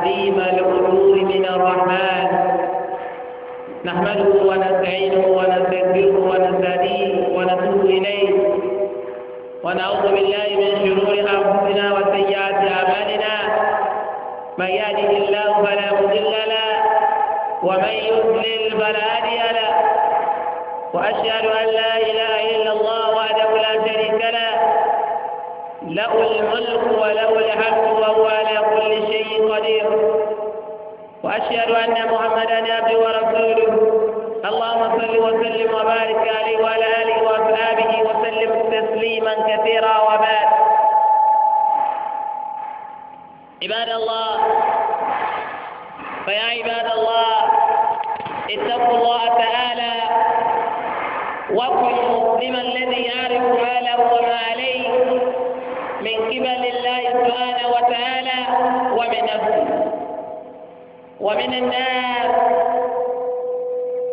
عظيم الأمور من الرحمن نحمده ونستعينه ونستغفره ونستهديه ونتوب إليه ونعوذ بالله من شرور أنفسنا وسيئات أعمالنا من يهده الله فلا مضل له ومن يضلل فلا هادي له وأشهد أن لا إله إلا الله وحده لا شريك له له الملك وله الحمد وهو على كل شيء قدير وأشهد أن محمدا عبده ورسوله اللهم صل وسلم وبارك عليه وعلى آله وأصحابه وسلم تسليما كثيرا وبارك عباد الله فيا عباد الله اتقوا الله تعالى وكلوا لمن الذي يعرف ماله وماله من قبل الله سبحانه وتعالى ومن نفسه ومن الناس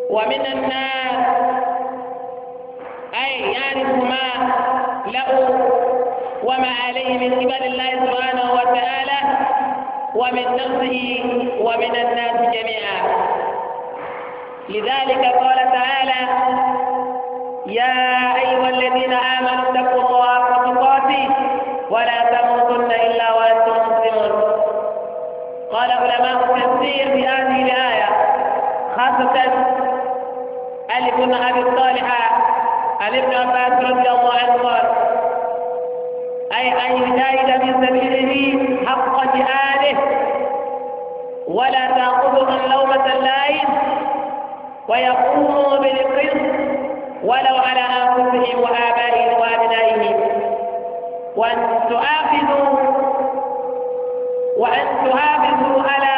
ومن الناس أي يعرف ما له وما عليه من قبل الله سبحانه وتعالى ومن نفسه ومن الناس جميعا لذلك قال تعالى يا أيها الذين آمنوا اتقوا الله حق تقاته ولا تموتن إلا وأنتم مسلمون قال علماء التفسير في هذه الآية خاصة ألف بن أبي الصالحة عن ابن عباس رضي الله عنه قال أي أن يجاهد في سبيله حق جهاده ولا تأخذهم لومة اللائم ويقوموا بالقسط ولو على أنفسهم وآبائهم وأبنائهم وأن تؤاخذوا وأن تهابدوا على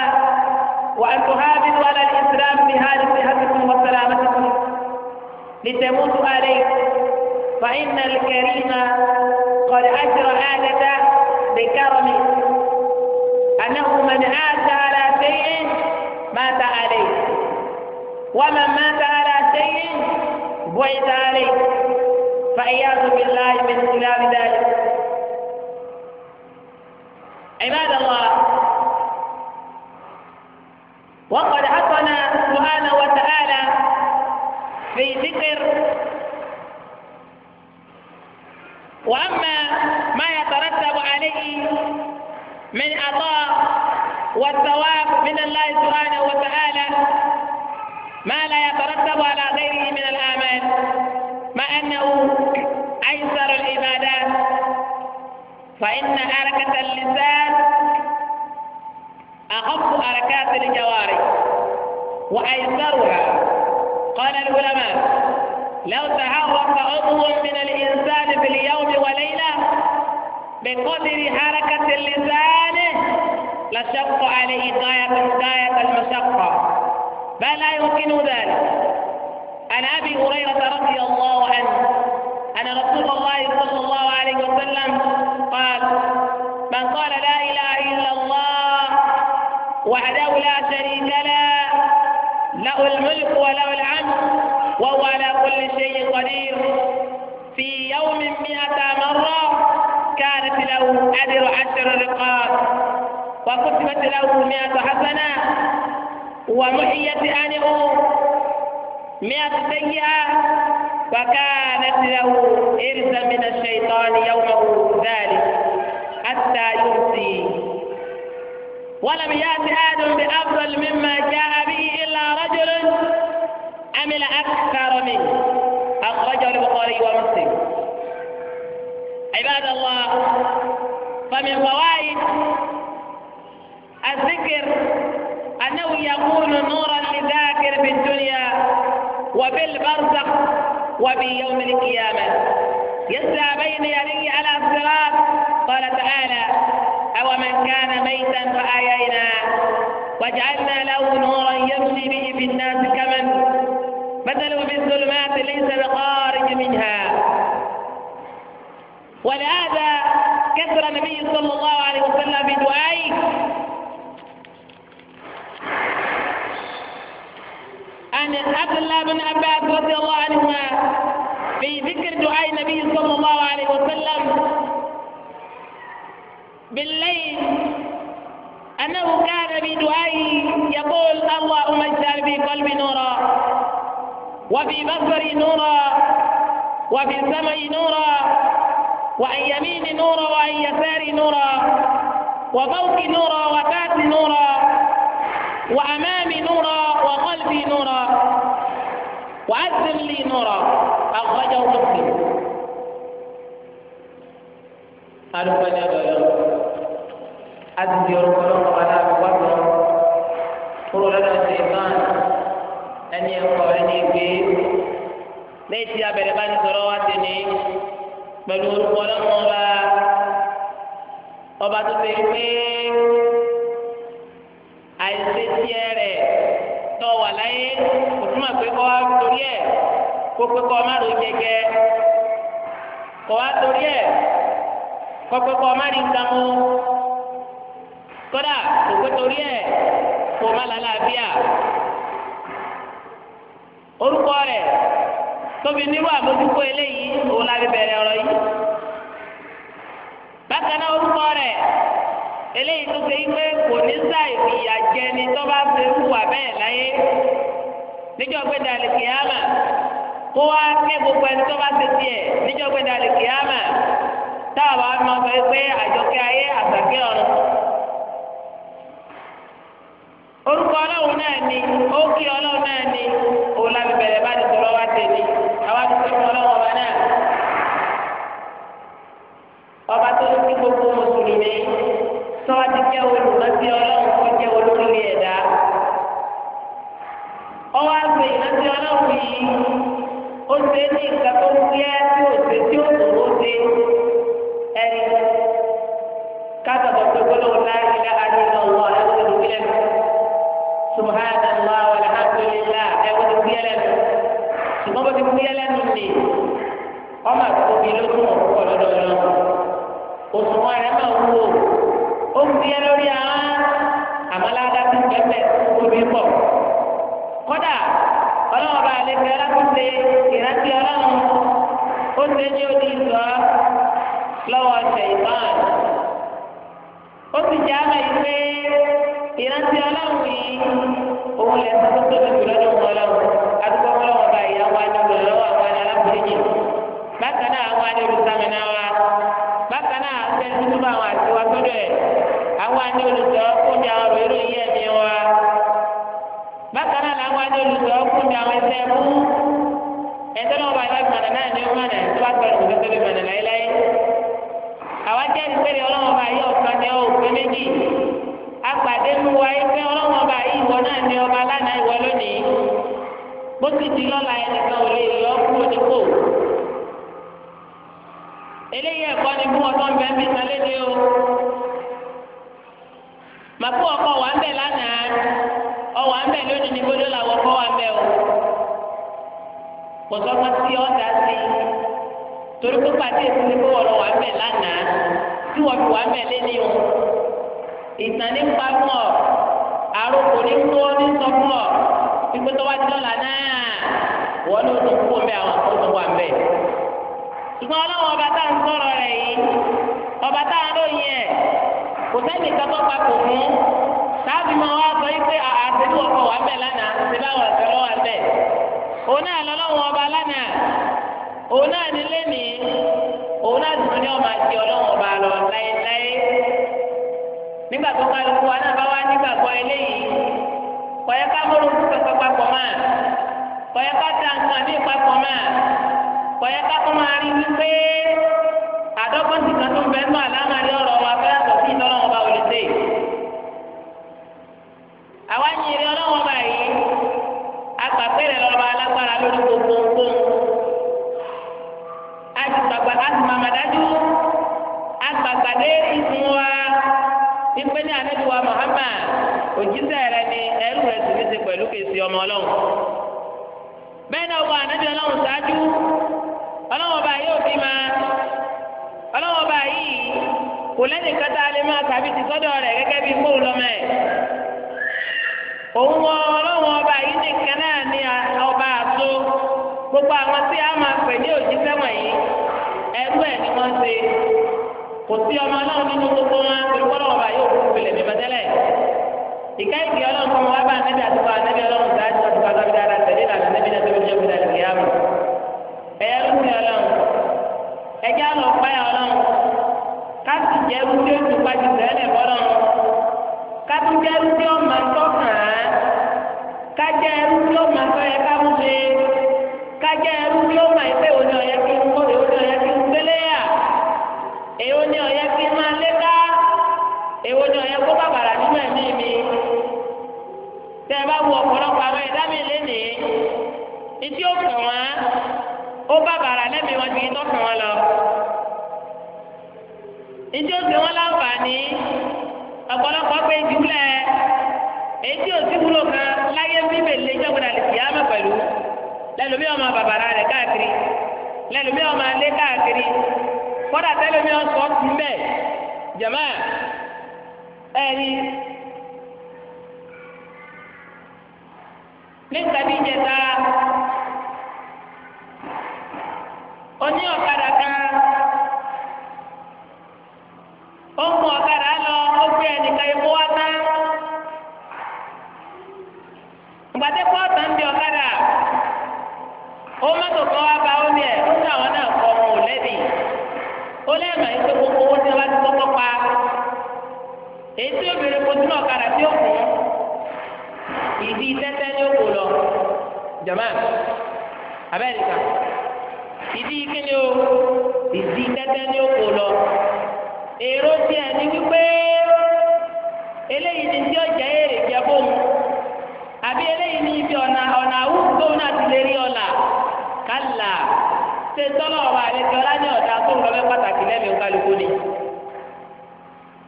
وأن تهابدوا على الإسلام بحال صحتكم وسلامتكم لتموتوا عليه فإن الكريم قد أجرى عادة بكرمه أنه من عاش على شيء مات عليه ومن مات على شيء بعث عليه فعياذ بالله من خلال ذلك عباد الله وقد حصنا سبحانه وتعالى في ذكر وأما ما يترتب عليه من عطاء والثواب من الله سبحانه وتعالى ما لا يترتب على غيره من الآمال مع أنه أيسر العبادات فإن حركة اللسان أخف حركات الجوارح وأيسرها قال العلماء لو تحرك عضو من الإنسان في اليوم وليلة بقدر حركة اللسان لشق عليه غاية غاية المشقة بل لا يمكن ذلك عن أبي هريرة رضي الله عنه أن رسول الله صلى الله عليه وسلم قال من قال لا إله إلا الله وحده لا شريك له له الملك وله العمل وهو على كل شيء قدير في يوم مئة مرة كانت له أجر عشر رقاب وكتبت له مئة حسنة ومحيت عنه مئة سيئة فكانت له إرثا من الشيطان يومه ذلك حتى يمسي ولم يأت آدم بأفضل مما جاء به إلا رجل عمل أكثر منه أخرجه البخاري ومسلم عباد الله فمن فوائد الذكر أنه يكون نورا لذاكر في الدنيا وبالبرزخ وفي يوم القيامة يسعى بين يديه على الصراط قال تعالى أو من كان ميتا فأحيينا وجعلنا له نورا يمشي به في الناس كمن مثله في الظلمات ليس بخارج منها ولهذا كثر النبي صلى الله عليه وسلم بدعائه عن عبد الله بن عباس رضي الله عنهما في ذكر دعاء النبي صلى الله عليه وسلم بالليل أنه كان بدعائه يقول اللهم اجعل في قلبي نورا وفي بصري نورا وفي سمعي نورا وعن يميني نورا وعن يساري نورا وفوقي نورا وتحتي نورا وأمامي نورا وقلبي نورا وأذن لي نورا أخرجه مسلم ألف يا بلال أذن يرقلون على بكر قل لنا الشيطان أن يقولني به ليس يا بلبان صلواتني بل يرقلون ọba tó ṣe pé àìsètiẹ rẹ tọ wà láyé kò túmọ̀ pé kọ́ wá torí ẹ̀ kó pé kọ́ má ro jẹjẹ kọ́ wá torí ẹ̀ kọ́ pé kọ́ má rí nǹkan mú kódà kò pé torí ẹ̀ kó má lálàáfíà orúkọ rẹ̀ tóbi nírú àmójúkó eléyìí tó ṣe pé kò ní sáì ìyà jẹ ni tó bá ṣe ń wà bẹ́ẹ̀ láyé níjọ́ pé dàlẹ́ kìámà kó wá ké gbogbo ẹni tó bá ṣe tiẹ̀ níjọ́ pé dàlẹ́ kìámà táwa bá ma sọ pé àjọkẹ́ ayé àtàkẹ́ ọ̀run. orúkọ ọlọ́run náà ni ó kí ọlọ́run náà ni òun lábẹ́ bẹ̀rẹ̀. nínú wa yìí pé ọlọ́run ọba yìí ìwọ náà ní ọba lánàá ìwọ lónìí bó ti di lọ́la ẹnìkan ò lè yọ kúrò nípò eléyìí ẹ̀kọ́ ni fún ọtọ́ nbẹ́ mi kan léde o màkú ọkọ wà ń bẹ̀ lánàá ọwọ́ à ń bẹ̀ lónìí ní bójú làwọn ọkọ wà ń bẹ̀ o kò sọ́kàn sí ọ̀dà sí torí pé pàdé ìsinmi kó wọ́n lọ wà ń bẹ̀ lánàá tí wọ́n fi wà ń bẹ̀ lé o. ìtàn nípa fún ọ àròkò ní ní sọ fún ọ ìpè tó wá náà wọ́n ló ti kú ọbẹ̀ àwọn tó tún wà ṣùgbọ́n ọlọ́run ọba tá à ń yìí ọba tá à sọ yìí pé wà lánàá ṣe ọba lánàá òun náà nílé mi òun náà ní ọmọ àti ọlọ́run ọba lọ nígbà tó ká lóko wa náà bá wá nígbàgbọ́ eléyìí kọ̀yẹ́ ká mọ́lòkù pẹ̀pẹ́ papọ̀ máa kọ̀yẹ́ ká ta nǹkan ní papọ̀ máa kọ̀yẹ́ ká tó máa rí wípé àdọ́gbọ́sì kan tó ń bẹ́ẹ̀ náà lámàrí ọ̀rọ̀ wa fẹ́ yàtọ̀ sí ìtọ́lọ́ wọn bá wọlé dé. àwa ń yèrè ọlọ́wọ́n báyìí agbàpẹ́rẹ́ lọ́ba alágbára lórí gbogbo ohun. òjíṣẹ́ rẹ ni ẹrú rẹ sì ní ṣe pẹ̀lú kèsì ọmọ ọlọ́run bẹ́ẹ̀ náà wọ ànábì ọlọ́run ṣáájú ọlọ́run ọba yóò fi máa ọlọ́run ọba yìí kò lẹ́nu lè máa tàbí ti sọ́dọ̀ rẹ̀ gẹ́gẹ́ bí lọ́mọ ẹ̀ òun wọ ọba yìí gbogbo àwọn tí a máa pè ní òjíṣẹ́ wọ̀nyí ẹrú ẹ̀ ni wọ́n ṣe kò sí ọmọ nínú gbogbo wọn pẹ̀lú ọlọ́run ọba yóò ìka ìgbé ọlọ́run fún wa bá anabi àtúkọ anabi ọlọ́run gbà àti àtúkọ àtàbí dáadáa tẹ̀lé ìlànà anabi náà tóbi jẹ́ gbọdọ̀ àti ìyáàmù ẹ̀yà ló ti ọlọ́run ẹjẹ́ àlọ́ páyà ọlọ́run káàtì jẹ́ ẹrú tí ó ti pa ti tẹ́lẹ̀ bọ́lọ́run káàtì jẹ́ ẹrú tí ó máa tọ́ kàn án kájẹ́ ẹrú tí ó máa tọ́ yẹ ká kájẹ́ ẹrú tí ó máa ṣe òní ọ̀yẹ́ kí n kó èyí ó ní èwo ni ọ̀yẹ́ kó bàbàrà nínú ẹ̀mí mi tẹ́ ẹ bá wo ọ̀pọ̀lọpọ̀ àwọn ẹ̀dá mi lénìí etí ó kàn wọ́n ó bàbàrà lẹ́mí wọn ju itọ́ kàn wọ́n lọ etí ó ṣe wọ́n láǹfààní ọ̀pọ̀lọpọ̀ pé ìdúlẹ̀ etí ò kan láyé bíbẹ̀ lé jọ́gbọ̀dà lè fìyà mọ̀ pẹ̀lú lẹ́lòmí ọmọ bàbàrà rẹ̀ káàkiri lẹ́lòmí ọmọ alẹ́ káàkiri kọ́dà tẹ́lẹ̀mí ọ̀sán tún ẹ̀rí nígbà bí ìjẹta oní ọ̀kadà kan ó ń mú ọ̀kadà lọ ó gbé ẹnìkan epo wá tán ìgbàdé pọ́ọ̀tà ń bí ọ̀kadà ó mọ́tò kan wá bá ó ní ẹ̀ ó ní na náà kọ́ ọmọ òlẹ́bí ó lẹ́ẹ̀mọ̀ gbogbo pa. èyí tí obìnrin kò sínú ọ̀kadà tí ó kù ìdí tẹ́tẹ́ ni ó kù lọ jọ̀mọ́ abẹ́rìkà ìdí kíni o ìdí tẹ́tẹ́ ni ó kù lọ èrò tiẹ̀ ni wípé eléyìí ni tí ọjà èrè jẹ bóun àbí eléyìí ní ibi ọ̀nà ọ̀nà àwùjọ tó náà ti lè rí ọ̀la kálá ṣe tọ́lọ̀ ọ̀rọ̀ àlejò ọlá ní ọ̀dà tó ń lọ bẹ́ pàtàkì lẹ́mìí kálukú ni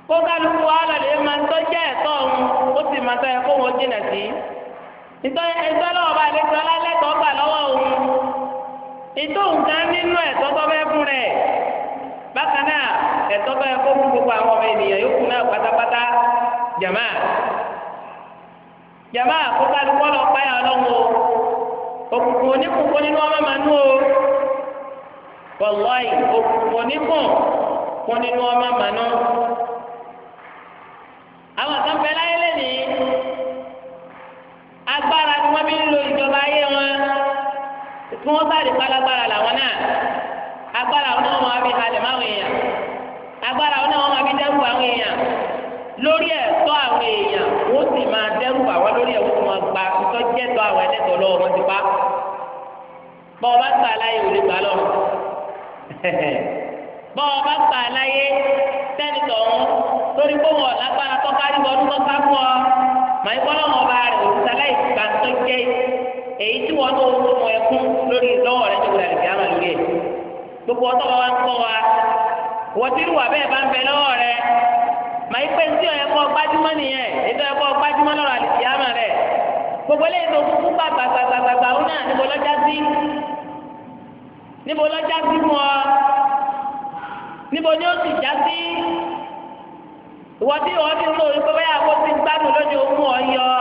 kó kálukú wa lọ́lẹ̀ máa ń tọ́jú ẹ̀tọ́ òun ó sì máa tọ́ yẹ kó wọn jìnà sí. nítorí ẹgbẹ́ lọ́wọ́ bá lè sọ lálẹ́tọ̀ọ́ gbà lọ́wọ́ òun. ìtò nǹkan nínú ẹ̀tọ́ tó fẹ́ fún rẹ̀. bákan náà ẹ̀tọ́ tó yẹ kó fún gbogbo àwọn ọmọ ènìyàn yòókù náà pátápátá jàmá. jàmá kó kálukú páyà ọlọ́run o. òkùnkùn oníkùnkùn nínú ọmọ màánú o àwọn kan bẹ láyé lẹ́nìí agbára ni wọ́n fi ń lo ìjọba ayé wọn kí wọ́n sáré pálágbára làwọn náà agbára wọn náà wọ́n fi halẹ̀ máwọn èèyàn agbára wọn náà wọ́n fi dẹ́rù àwọn èèyàn lórí ẹ̀tọ́ àwọn èèyàn wọ́n sì máa dẹ́rù àwọn lórí ẹ̀wọ́n tó máa gba ìtọ́jẹ́tọ́ àwọn ẹlẹ́tọ̀ lọ́wọ́ wọn ti pa bọ́ọ̀ bá gbà láyé òde gbà lọ́wọ́ bọ́ ọ bá gbà láyé sẹ́ni tọ̀hún lórí kó wọn lágbára fún ọ màá yí kọ́lọ́ wọn bá rẹ̀ òkúta láì gbà tó jẹ́ èyí tí wọn tó wọ́n mọ ẹkún lórí lọ́wọ́ rẹ̀ tó wa ń kọ́ wa wọ́n ti rú wà bẹ́ẹ̀ bá ń bẹ lọ́wọ́ rẹ̀ màá yí pé ní tí níbo ni ó sì já sí ìwọ́dí ìwọ́dí ń lò ó pé báyà kó ti gbádùn lójú ogún ọ̀yọ́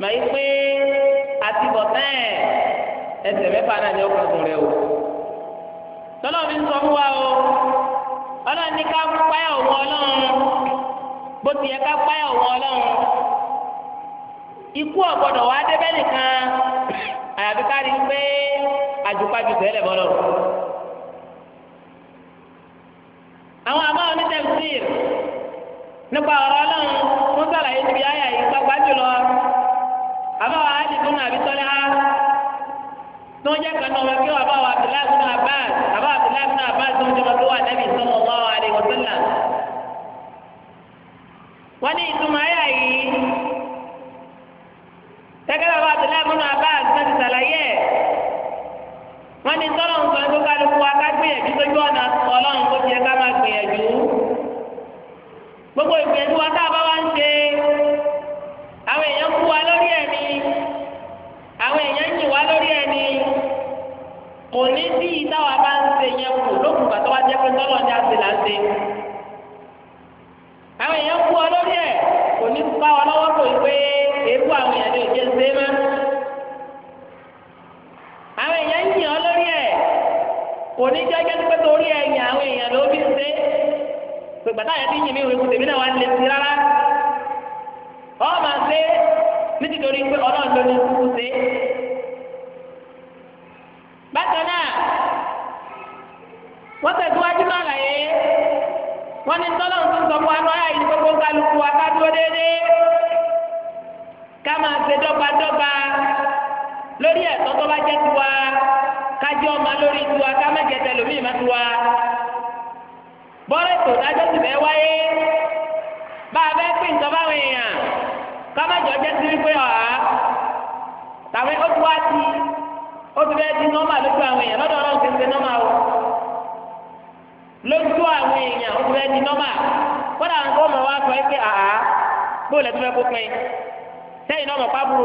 mà yí pé àti bọ̀tán ẹ̀ ẹsẹ̀ mẹ́fà náà ni ó kọ̀ọ̀kan rẹ̀ o tọ́lọ́ mi sọ fún wa o ọlọ́run ní ká páyà òun ọlọ́run bó ti yẹ ká páyà òun ọlọ́run ikú ọ̀gbọ́dọ̀ wá débẹ̀ nìkan àyàfi ká rí i pé àjùpájù tẹ́lẹ̀ bọ́lọ̀ àwọn àbá onítẹ̀síìr nípa ọ̀rọ̀ ọlọ́run fún sàlàyé ti fi àyà yìí sọgbà jùlọ àbá wa áàdì fún àbí tọ́lá tó ń jẹ́ kanú ọmọ kí àbá wa abdullahi fún abbas àbá abdullahi fún abbas tó ń jọmọ tó wà nẹ́bí sọmọ ọmọ wa àlè wọ́sílà. wọ́n ní ìtumọ̀ àyà yìí tẹ́gẹ́ bàbá abdullahi fún abbas náà ti sàlàyé ẹ̀. wọ́n ní sọ́lọ́ ń sọ ní kókàlùkù wa ká gbìyànjú ọ̀nà ọlọ́run kó tiẹ̀ ká máa gbìyànjú. gbogbo ìgbìyànjú wa tá a ń ṣe àwọn èèyàn kú lórí ni àwọn èèyàn yìn lórí kò ní ìtawà bá ń ṣe yẹn kù lókùn bàtọ́ wa jẹ́ pé ní là ń ṣe. àwọn èèyàn kú wa lórí ẹ̀ kò ní bá kò ní jẹ́ jẹ́ pé torí ẹ̀yìn àwọn èèyàn ló fi ṣe pèpè táyà ti yìn mí ìwé kùtèmí náà wà lè ti rárá ọ máa ṣe nítorí pé ọlọ́run ló ní kúkú ṣe. bákan náà wọ́n tẹ̀síwájú náà láyé wọ́n ní tọ́lọ́run tó ń sọ fún wa náà yìí pé kálukú wa ká dúró déédéé ká máa ṣe dọ́gbadọ́gba lórí ẹ̀tọ́ tó bá jẹ́ tiwa. kájọ́ ọmọ lórí tiwa ká má jẹ tẹlómi má tiwa bọ́lá ètò ìdájọ́ ti bẹ́ẹ̀ wáyé bá a bẹ́ẹ̀ pín nǹkan báwọn èèyàn ká jọ jẹ́ sí wípé ọ̀há tàwọn otu ti ti di nọ́mà lójú àwọn èèyàn lọ́dọ̀ ọlọ́run ti ń nọ́mà o lójú àwọn èèyàn di nọ́mà àwọn wa sọ bóòlù ẹ̀ tó fẹ́ kó sẹ́yìn náà mọ̀ pábùrù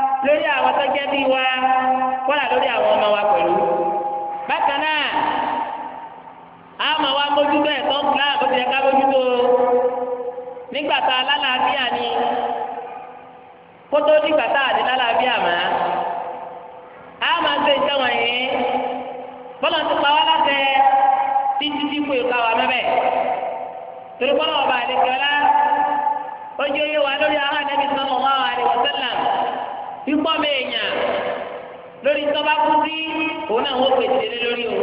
lórí àwọn tó jẹ́ bíi wa kọ́là lórí àwọn ọmọ wa pẹ̀lú. bákan náà a máa wá mójútó ẹ̀tọ́ náà bó ti yẹ ká mójútó nígbà tá a lálàáfíà ni kótó nígbà tá a lè lálàáfíà mọ́ a máa ṣe iṣẹ́ wọ̀nyí bọ́lá ti pa wá láṣẹ títí tí kò ká wa mẹ́bẹ̀ torí bọ́lá ọba àlejò ó jẹ́ oyé wa lórí ikọ́ mi èèyàn lórí tọ́ba kú sí òun náà wọ́n pèsè lé lórí o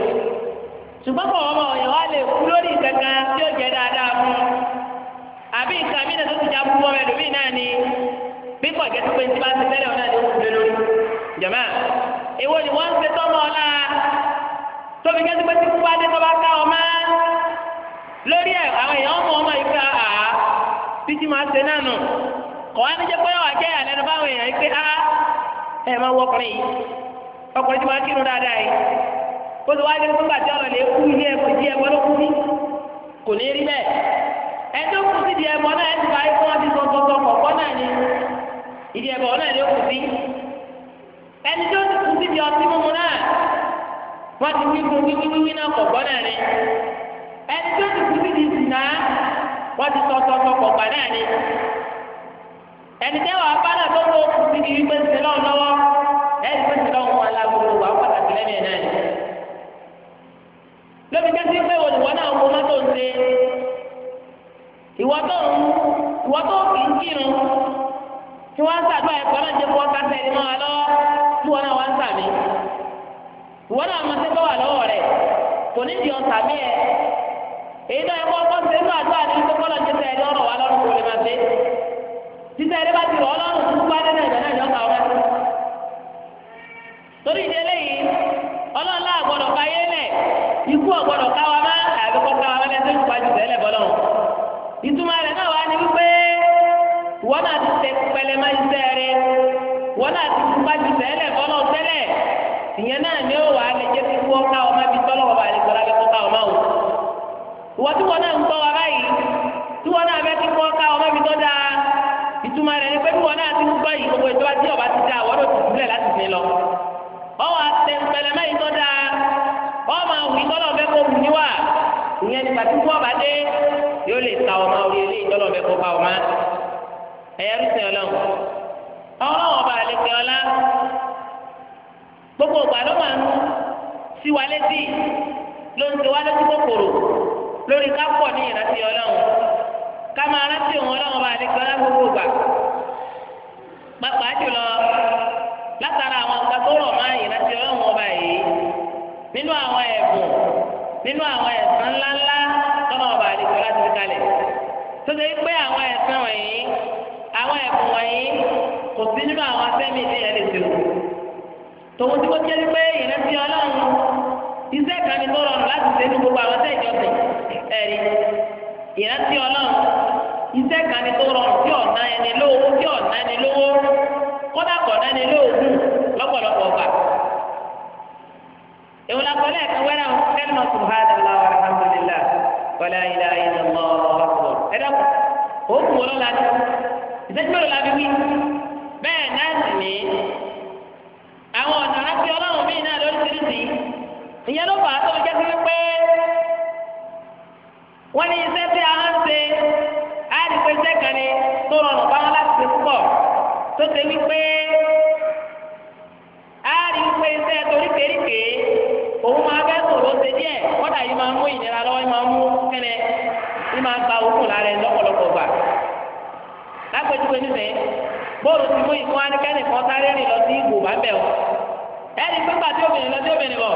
ṣùgbọ́n kò wọ́n mọ̀ ọ̀yàn wá lè kú lórí kankan tí ó jẹ́ dáadáa fún un àbí nǹkan mí náà tó ti já fún bọ́ọ̀mù ẹlòmíì náà ni bí kò gẹ́tù pé ti bá ti tẹ́lẹ̀ ọ̀nà ni ó kú lé lórí jàmá èwo ni wọ́n ń ṣe tọ́mọ ọ̀la tóbi gẹ́tù pé ti kú bá dé tọ́ba ká ọmọ lórí ẹ̀ àwọn èèyàn ọmọ ọmọ ìka àá ọ̀wá ní jẹ́ pé wà jẹ́ àlẹ́nu báwọn èèyàn pé á ah, ẹ̀ máa wọ ọkùnrin yìí ọkùnrin tí wọ́n á kírun dáadáa yìí kó ló wá ní fún gbàtí ọ̀rọ̀ lè kú ilé ẹ̀kọ́ jí ẹ̀kọ́ ló kú ní kò ní rí bẹ́ẹ̀ ẹjọ́ kù sí di ẹ̀kọ́ náà ẹ̀ ti bá ikú wọn ti sọ sọ kọ̀ọ̀kọ́ náà ni ìdí ẹ̀kọ́ náà ló kù sí ẹni tó ti kù sí di ọtí mímu náà wọ́n ti wí fún wíwíwí náà kọ̀ọ̀kọ́ náà ni ẹni tó ti kù sí di ìsìn náà wọ́n ti sọ sọ kọ̀ọ̀kọ́ náà ni ẹni tẹ́ wàá bá náà tó tó kù sí ibi pé ṣe lọ́wọ́ lọ́wọ́ ẹni pé ṣe lọ́wọ́ wọn lágbóró wà pàtàkì lẹ́nu ẹ̀ náà lóbi jẹ́ sí pé olùwọ́ náà wo mọ́tò ń ṣe ìwọ́ tó ń ìwọ́ tó kì í kírun tí wọ́n ń sàdúrà ẹ̀kọ́ náà jẹ́ kó wọ́n kásẹ̀ ẹni máa lọ́wọ́ tí wọ́n náà wá ń sàmì ìwọ́ náà mọ sẹ́kọ̀ wà lọ́wọ́ rẹ̀ kò ní di ọ̀sà mí ẹ̀ èyí náà ẹ̀kọ́ ọkọ̀ ṣe é fún àdúrà ní ìṣẹ́kọ́ náà jẹ́ sẹ́yìn lọ́rọ̀ lọ́rùn kò lè máa ṣe títẹ̀ ẹ̀rẹ́ bá ti rọ̀ ọlọ́run tó gbá nínú ẹ̀jẹ̀ náà yọ̀ọ́ kàwé. torí ìdí eléyìí ọlọ́ọ̀lá àgbọ̀dọ̀ ká yé lẹ̀ ikú má àbí kọ́ tó jù tẹ́lẹ̀ bọ́lọ̀. ìtumọ̀ rẹ̀ náà wá ní wípé wọ́n náà ti tẹ pẹlẹ rẹ̀ wọ́n náà ti jù tẹ́lẹ̀ bọ́lọ̀ tẹ́lẹ̀ ìyẹn náà ni ó wà á lè jẹ́ kí wọ́n ká ibi ìtumọ̀ rẹ̀ ni pé bí wọn náà ti ń gbọ́ yìí gbogbo ìjọba tí ọba ti dá àwọn ọdún ti sílẹ̀ láti fi lọ. wọ́n wá tẹ pẹlẹ mẹ́yìn tó dáa wọ́n máa wù ìtọ́lọ̀ fẹ́ kó wù ní wà ìyẹn nígbà tí wọ́n bá dé yóò lè ta ọmọ orí ilé ìtọ́lọ̀ fẹ́ kó pa ọmọ. ẹ̀yẹ rúṣin ọlọ́run ọlọ́run ọba àlejò ọlá gbogbo ìgbà ló máa ń sí wa létí ló ń ti wá létí kòkòrò ká máa rántí òun ọlọ́run bá àdékọ́ lágbogbo ìgbà pàápàá jùlọ látara àwọn nǹkan tó rọ̀ máa yìí láti ọlọ́run ọba yìí nínú àwọn ẹ̀bùn nínú àwọn ẹ̀san ńláńlá tọ́nà ọba àdékọ́ láti fi kalẹ̀ tó ṣe pé àwọn ẹ̀san wọ̀nyí àwọn ẹ̀bùn wọ̀nyí kò sí nínú àwọn afẹ́mi tí ẹ lè tó tòun tí wọ́n jẹ́ pé ìrántí ọlọ́run iṣẹ́ kan ní tó rọrùn láti ṣe nínú gbogbo àwọn tẹ́jọ́ tẹ̀ ẹ̀rí ìrántí ọlọ́run iṣẹ́ kan ni tó rọrùn tí ọ̀nà ẹni lówó tí ọ̀nà ẹni lówó kódà kọ̀ọ̀nà ẹni lóògùn lọ́pọ̀lọpọ̀ ọ̀gbà. èwo la kọ́lé ẹ̀ka wẹ́rẹ́ àwọn kẹ́lìmọ̀ tó ha dà lọ́wọ́ alhamdulillah wàlá ilà ilà mọ́ ọ̀rọ̀ ẹ̀dá kù òkú wọn lọ́la ní ìṣẹ́jú mẹ́rin la fi wí bẹ́ẹ̀ náà sì ní àwọn ọ̀nà àti ọlọ́run mí wọ́n ní iṣẹ́ tí a ń ṣe kan ni tó rọrùn báwọn láti ṣe púpọ̀ tó ṣe wípé á rí pé iṣẹ́ òun máa fẹ́ sòrò ṣe díẹ̀ kọ́dà yìí máa mú ìnira lọ́wọ́ yìí máa mú kẹ́nẹ́ yìí máa gba òkú lára gbà. bóòlù ti mú ìfún anikẹ́ni kan sáré rìn lọ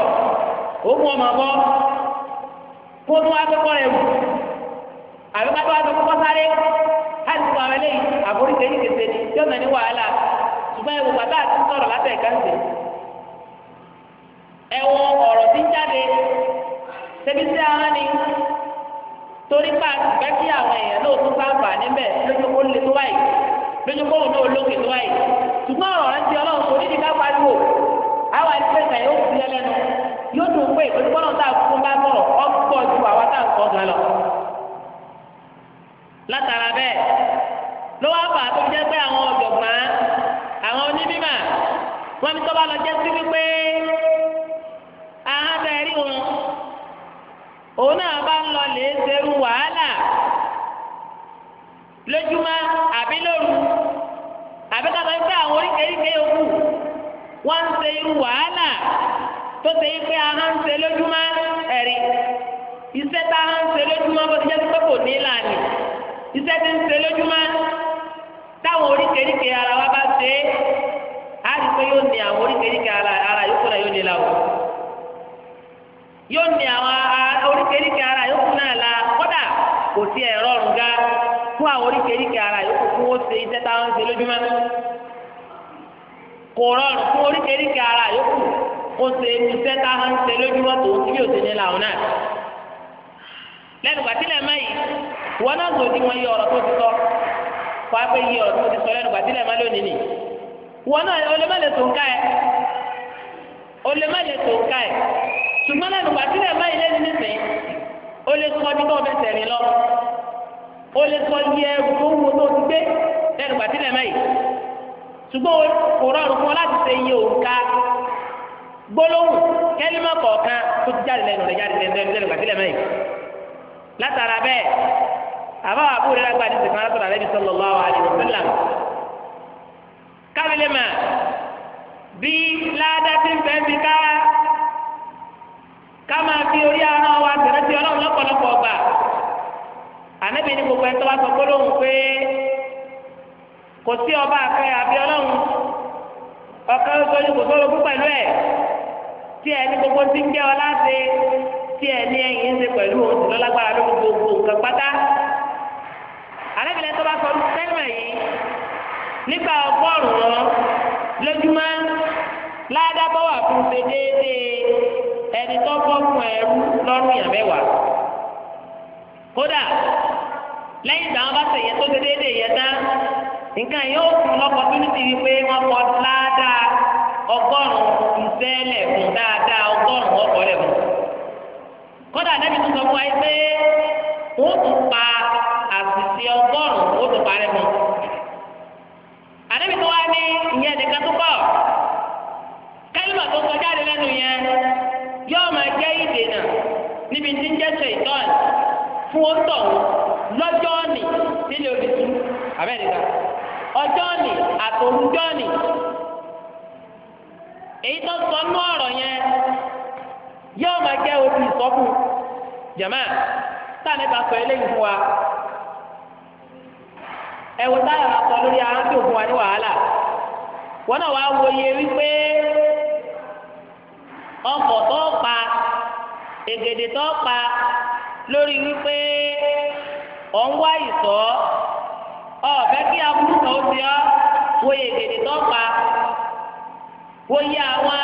kó tó wá kọ́kọ́ rẹ̀ wù àbí tó wá sáré àwọn ni tí nà ní wàhálà ṣùgbọ́n ẹ̀wò bàtà àti sọ̀rọ̀ látẹ̀ kánṣe ẹ̀wọ̀ ọ̀rọ̀ tí ń jáde ṣẹbi sí pa àtìgbẹ́ kí àwọn èèyàn náà tún níbẹ̀ lójú kó lè tó lójú kó tó ṣùgbọ́n wà ní pẹ̀sẹ̀ yóò fi lẹ́lẹ́nu yóò tún pé olùkọ́nà tá a fún bá bọ̀ ọ̀pọ̀ ju àwa tá a sọ gan lọ. látara bẹ́ẹ̀ ló wá fà á tó jẹ́ pé àwọn ọ̀jọ̀gbọ́n àwọn onímọ̀ wọ́n ní tó bá lọ jẹ́ sí wípé ahádẹ́rì wọn òun náà bá ń lọ lè ṣerú wàhálà lójúmọ́ àbí lóru àbí kàtà ń pẹ́ àwọn oríkèéríkèé yòókù wọ́n ń ṣe irú wàhálà tó ṣe yí pé ahọ́n ń ṣe lójúmọ́ ẹ̀rí iṣẹ́ tá ahọ́n ń ṣe lójúmọ́ bó ti jẹ́ pé kò ní ìlànà iṣẹ́ ti ń ṣe lójúmọ́ táwọn oríkèéríkè ara wa bá ṣe é á rí i pé yóò ní àwọn oríkèéríkè ara ara yòókù náà yóò ní la o yóò ní àwọn oríkèéríkè ara yòókù náà la kódà kò sí ẹ̀rọ ọ̀rùn ga fún àwọn oríkèéríkè ara yòókù fún ó ṣe iṣẹ́ táwọn ń ṣe lójúmọ́ kò rọrùn fún oríkèéríkè ara yòókù kó ṣe iṣẹ́ tá a ń ṣe lójúmọ́ tó tí yóò ṣe ní làwọn náà. lẹ́nu gbàtílẹ̀ mọ́ yìí wọn náà zòdì wọn yí ọ̀rọ̀ tó ti sọ kó a pé yí ọ̀rọ̀ tó ti sọ lẹ́nu gbàtílẹ̀ mọ́ lónìí nì. wọn náà olè má lè tó nǹka ẹ̀ olè má lè tó nǹka ẹ̀ ṣùgbọ́n lẹ́nu gbàtílẹ̀ mọ́ yìí lẹ́nu nísìnyí olè sọ bí tó bẹ tẹ̀rín lọ olè sọ yẹ gbogbo tó ti gbé lẹ́nu gbàtílẹ̀ mọ́ yìí ṣùgbọ́n kò rọrùn fún ọ láti ṣe iye òǹkà gbólóhùn kẹ́límà kọ̀ọ̀kan tó ti jáde lẹ́nu rẹ̀ jáde lẹ́nu rẹ̀ lẹ́nu gbàtílẹ̀ mẹ́yìn látara bẹ́ẹ̀ àbá wà fún ìrẹ́lẹ́gbà ní sèkàn látọ̀rọ̀ àlẹ́ bí sallallahu alaihi wasallam kábílẹ̀ mà bí ládàá ti ń fẹ́ bí ká ká máa fi orí ara wa tẹ̀rẹ́ sí ọlọ́run lọ́pọ̀lọpọ̀ ọgbà ànábìíní gbogbo ẹ̀ kò sí ọba àfẹ́ àbí ọlọ́run ọ̀kan ló sọ́jú kò sọ́rọ̀ fún pẹ̀lú ẹ̀ tí ẹ ní gbogbo ti ń jẹ́ ọ láti tí ẹ ní ẹ̀yìn ń ṣe pẹ̀lú òun sì lọ́lágbára lórí gbogbo nǹkan pátá. arábìnrin tó bá sọ sẹ́nìmọ̀ yìí nípa ọgọ́rùn-ún lójúmọ́ ládàbọ̀ wà fún ṣe déédéé ẹni tó bọ́ fún ẹrú lọ́rùn yàn mẹ́wàá. kódà lẹ́yìn ìgbà wọn bá ṣèyẹ tó ṣe déédéé yẹn tán nǹkan a fún lọ́kọ̀ tó ní ti wọ́n kọ́ ládàá ọgọ́rùn-ún ìṣẹ́lẹ̀ fún dáadáa ọgọ́rùn-ún ọkọ̀ fún. kódà lẹ́bi tó sọ fún wa pé wọ́n tún pa àṣìṣe ọgọ́rùn-ún ó tún parẹ́ fún. tó wá ní ìyẹn tó fún ó tọ̀ lọ́jọ́ ọjọ́ ni àtòrújọ́ ni èyí tó sọ nú ọ̀rọ̀ yẹn yóò máa jẹ́ odi ìsọ́kù jẹ̀mọ́ táàní bá sọ eléyìí fún wa ẹ̀wò táyà máa sọ lórí ara òfin wa ní wàhálà wọn náà wàá wòye wípé ọkọ̀ tó pa ègèdè tó pa lórí wípé ọ̀ wá ìsọ́ ọ̀bẹ kí aburú kan ó ti ọ́ wòye èdè tó pa wòye àwọn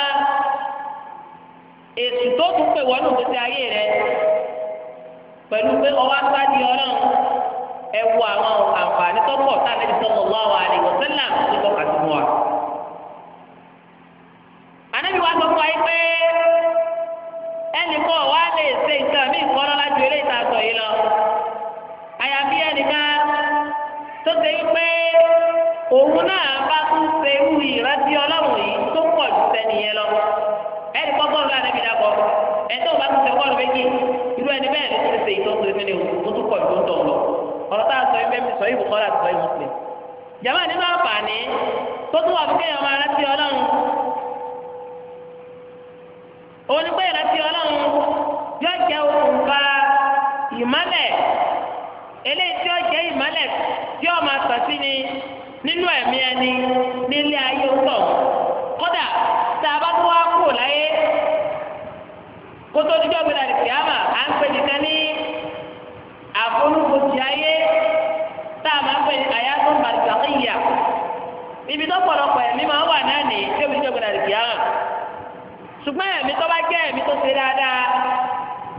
èsù tó tún pè wọ́n lòdì sí ayé rẹ pẹ̀lú pé ọwọ́ asáájú ọlọ́run ẹ wo àwọn àǹfààní tó pọ̀ tá a lẹ́yìn sọ́kọ̀ lọ́wọ́ àlè wọ́sẹ́lá tó tọ́ka sí mọ́ wa. ànábi wa sọ fún wa pé ẹnìkan wa lè ṣe nǹkan mí ju eléyìí tá yìí lọ àyàfi ẹnìkan tó ṣe yí pé òun náà bá tún ṣe irú ìrántí ọlọ́run yìí tó pọ̀ ju sẹ́ni yẹn lọ ẹni kọ́ bọ́ọ̀lù láti fi dàpọ̀ ẹ̀tọ́ bá tún ṣe bọ́ọ̀lù méjì irú ẹni bẹ́ẹ̀ ló ti ṣe ìtọ́sọ̀rọ̀ nínú ìwò tó pọ̀ ju tó ń lọ ọ̀rọ̀ tá a sọ ẹgbẹ́ mi sọ ìbò kọ́ láti sọ ìbò pè jàmbá nínú àǹfààní tó tún wà fún kéèyàn máa rántí ọlọ́run òun ni pé ìrántí ọlọ́run yóò jẹ́ òkùnfà ìmọ́lẹ̀ eléyìí tí ó jẹ́ ìmọ́lẹ̀ tí ó máa tàn sí ni nínú ẹ̀mí ẹni nílé ayé tọ̀ kódà tá a bá tó wá kú láyé kótó dídọ́ gbéra lè fi àmà à ń pè nìkan ní àfonúfojì ayé tá a máa ń pè ní àyàtọ̀ bàtàkìyà ibi tó pọ̀lọpọ̀ ẹ̀mí máa wà náà ní tí ó fi dídọ́ gbéra lè fi àmà ṣùgbọ́n ẹ̀mí tó bá jẹ́ ẹ̀mí tó ṣe dáadáa.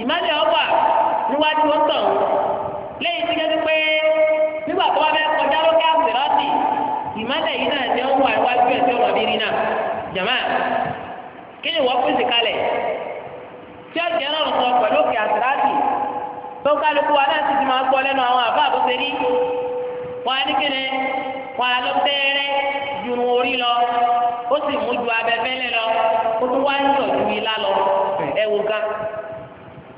ìmọ̀lẹ̀ ọgbà níwájú ó tàn lẹ́yìn tí kẹ́tí pé nígbà tó wá fẹ́ kọjá lókè àbúrọ́tì ìmọ̀lẹ̀ yìí náà jẹ́ òun àìwájú ẹ̀ tí ọ̀rọ̀ mi rí náà jàmá kí ni wọ́n pèsè kalẹ̀ tí ó jẹ́ náà sọ pẹ̀lú òkè àbúrọ́tì tó kálukú wa náà sì ti máa gbọ́ lẹ́nu àwọn àbá rí wọn á ní wọn á lọ orí lọ ó sì mú ju abẹ́fẹ́lẹ́ lọ ó tún wá ń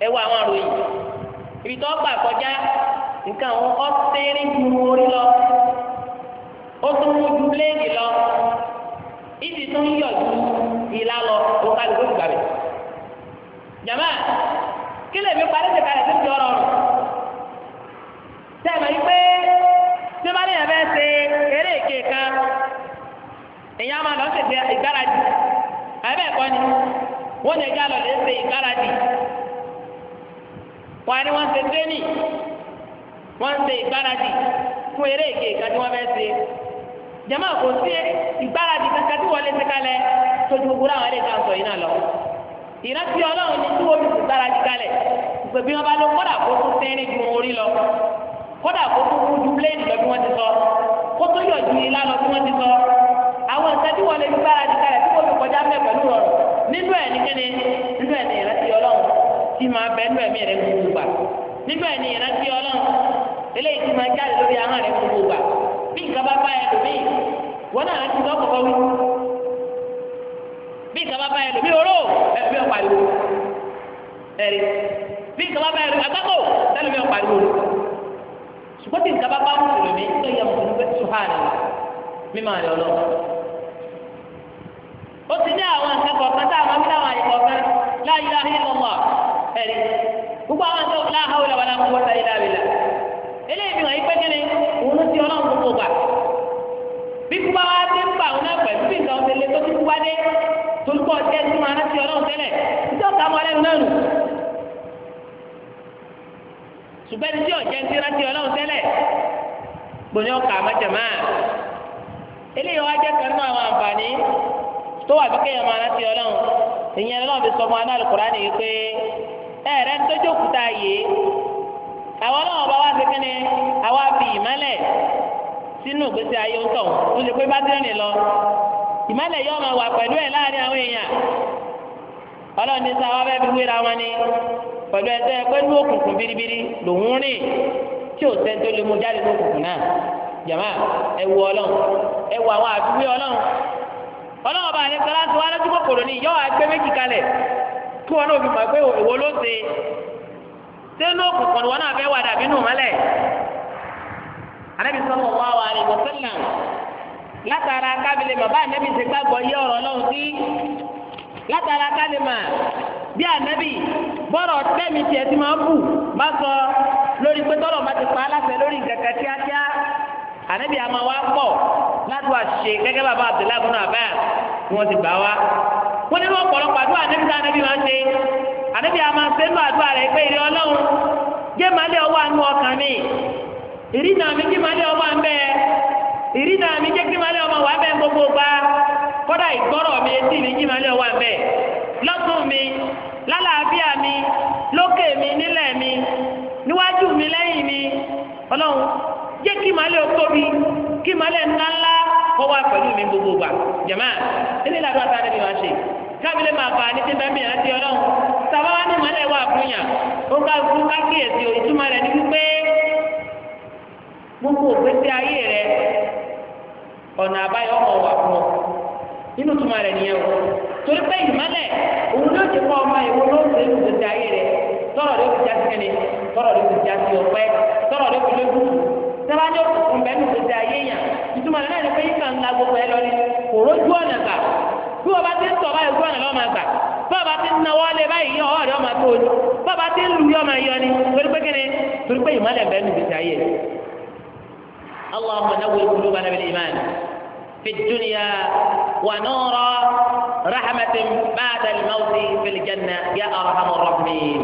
ẹ wá àwọn àròyìn ibi tó gbà kọjá nǹkan àwọn ọ̀sẹ̀rì ju orí lọ ó tún mú ju léèdì lọ ìdí tó ń yọ̀ ju ìlà lọ ó ká lè gbóògbà rẹ̀ jàmá kí lè mi parí ìdíkà tó ti ọ̀rọ̀ rẹ̀ sẹ́mi pé tí wọ́n bá fẹ́ ṣe eré èké kan èyí á ni wọ́n lè já lọ lè wọ́n á ní wọ́n ń ṣe tírénì wọ́n ṣe ìgbáradì fún eré ìgè tí i ṣe jama kò sí ìgbáradì kankan tí wọ́n lè ṣe kalẹ̀ lọ ìrántí n'i tí wọ́n fi ìgbáradì kalẹ̀ pé bí wọ́n bá lọ kó tún ju orí lọ kó tún kú ju pléènì lọ bí ti sọ kó tún ju ilá lọ bí ti sọ àwọn lè fi ìgbáradì tí fi tí máa bẹ nínú ẹ̀mí rẹ gbogbo gbà nínú ẹ̀ ní ìrántí ọlọ́run eléyìí tí máa jáde lórí ahọ́n rẹ gbogbo gbà bí nǹkan bá bá ẹlòmíì wọn náà ti lọ́kọ̀ kọ́ wí bí nǹkan bá bá ẹlòmíì oró ẹlòmíì ọ̀pàdé ẹ̀rí bí nǹkan bá bá ẹlòmíì agbáko ẹlòmíì ọ̀pàdé ṣùgbọ́n tí nǹkan bá bá mùsùlùmí tó yẹ mùsùlùmí sùhánà mímọ́ àlẹ́ ọlọ́run ó ti ní àwọn akẹ́kọ̀ọ́ kan tá àwọn akẹ́kọ̀ọ́ kan láyé láyé lọ́wọ́ ẹ̀rí gbogbo àwọn àti ọ̀la àwòlà wàlà kú wọ́tà ilé àbílà eléyìí wọn ìpè kí ni òun ti ọlọ́run gbogbo gbà bí kúbá wa dé ń pa òun náà pẹ̀lú bí nǹkan ọ̀sẹ̀ lé tó ti kúbá dé tolukọ̀ jẹ́ tí wọn aláṣẹ ọlọ́run tẹ́lẹ̀ títí ọ̀tá wọn lẹ́nu náà nù ṣùgbọ́n tí ọ̀jẹ́ ń tẹ́lẹ̀ tí ọlọ́run tẹ́lẹ̀ gbòòní ọkà àmọ́jẹ̀má eléyìí wọn jẹ́ kan ẹ̀rẹ́ ní tójú òkúta yìí àwọn ọlọ́wọ́n bá wá sí fi ìmọ́lẹ̀ sínú ìgbésí ayé ń O le lè pé bátírì lọ ìmọ́lẹ̀ yóò máa wà pẹ̀lú ẹ̀ láàrin àwọn èèyàn ọlọ́ọ̀ni sáwọ́ bẹ́ẹ̀ fi wéra wọn ni pẹ̀lú ẹsẹ̀ pẹ̀lú òkùnkùn biribiri lòún rìn tí ò sẹ́ńtò lè mú jáde lókùnkùn náà jàmá àwọn àfiwé kí wọn náà fi mọ̀ pé ìwọ ló ṣe sẹ́nu òkùnkùn ni wọn náà fẹ́ wà dàbí nù mọ́lẹ̀ anabi sallallahu alaihi wasallam látara kábílẹ̀ mọ̀ bá anabi ṣe gbàgbọ́ yé ọ̀rọ̀ lọ́hùn sí látara kálímà bí ànábì bọ́rọ̀ tẹ́mi tiẹ̀ ti máa ń bù bá sọ lórí pé tọ́rọ̀ bá ti pa á láṣẹ lórí kẹ̀kẹ́ kíákíá ànábì àmọ́ wa pọ̀ láti wá ṣe gẹ́gẹ́ bàbá Abdullahi bin Abbas ni wọ́n ti gbà wá wọ́n nínú ọ̀pọ̀lọpọ̀ àdúrà ànábì tá ànábì máa ń ṣe ànábì a máa ń ṣe nínú àdúrà rẹ̀ pé ìrẹ́ ọlọ́run jẹ́ màálẹ̀ ọwọ́ àánú ọkàn mi ìrìnà mi jẹ́ màálẹ̀ ọwọ́ àńbẹ́ ìrìnà mi jẹ́ kí màálẹ̀ ọmọ wà bẹ́ẹ̀ gbogbo gbà kọ́dà ìgbọ́rọ̀ mi etí mi jẹ́ màálẹ̀ ọwọ́ àńbẹ́ lọ́tún mi lálàáfíà mi lókè mi nílẹ̀ mi níwájú mi lẹ́yìn mi ọlọ́run jẹ́ kí màálẹ̀ ó tóbi kí màálẹ̀ ńláńlá kọ́ wá pẹ̀lú mi gbogbo gbà jẹ̀mọ́ ilé ìlànà àti àdébí máa ṣe kábílẹ̀ máa fa ní tí bẹ́ẹ̀ bìyànjú ti ọlọ́run sábà wá ní ìmọ̀lẹ́ wà fún yàn ó ká kú kákíyèsí ìtumọ̀ rẹ̀ ní wípé gbogbo òpèsè ayé rẹ ọ̀nà àbáyọ ọmọ wà fún ọ nínú ìtumọ̀ rẹ̀ nìyẹn o torí pé ìmọ̀lẹ̀ òun ló ti kọ́ ọmọ ìwọ ló ń ṣe ìpèsè ayé rẹ tọ́rọ̀ ló fi já sí kẹ́ni tọ́rọ̀ ló fi já sí ọ̀pẹ tọ́rọ̀ ló fi lójú sábà ní òkùnkùn bẹ́ẹ̀ ní ìpèsè ayé yàn ìtumọ̀ ọ̀nà gbogbo ẹ lọ kò rójú ọ̀nà gbà bí wọ́n bá ti ń sọ báyìí ojú ọ̀nà lọ́mọ gbà bí wọ́n bá ti ń nawọ́ lé báyìí yọ ọ̀rẹ́ ọmọ tó ni bí wọ́n bá ti ń lu yọ ọmọ yọ ni torí pé kíni torí pé ìmọ̀lẹ̀ bẹ́ẹ̀ nù bìtì ayé اللهم نور قلوبنا بالإيمان في الدنيا ونور رحمة بعد الموت في الجنة يا أرحم الراحمين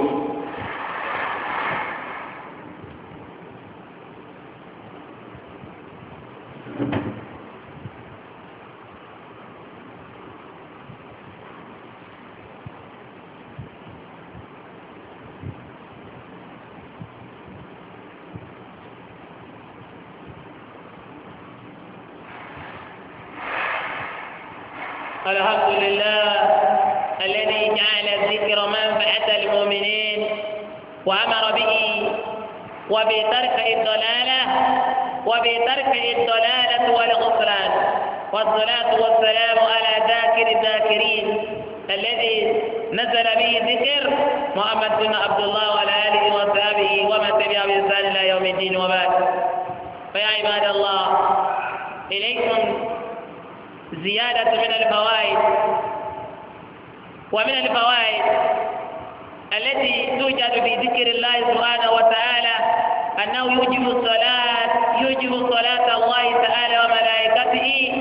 أنه يوجب الصلاة يوجب صلاة الله تعالى وملائكته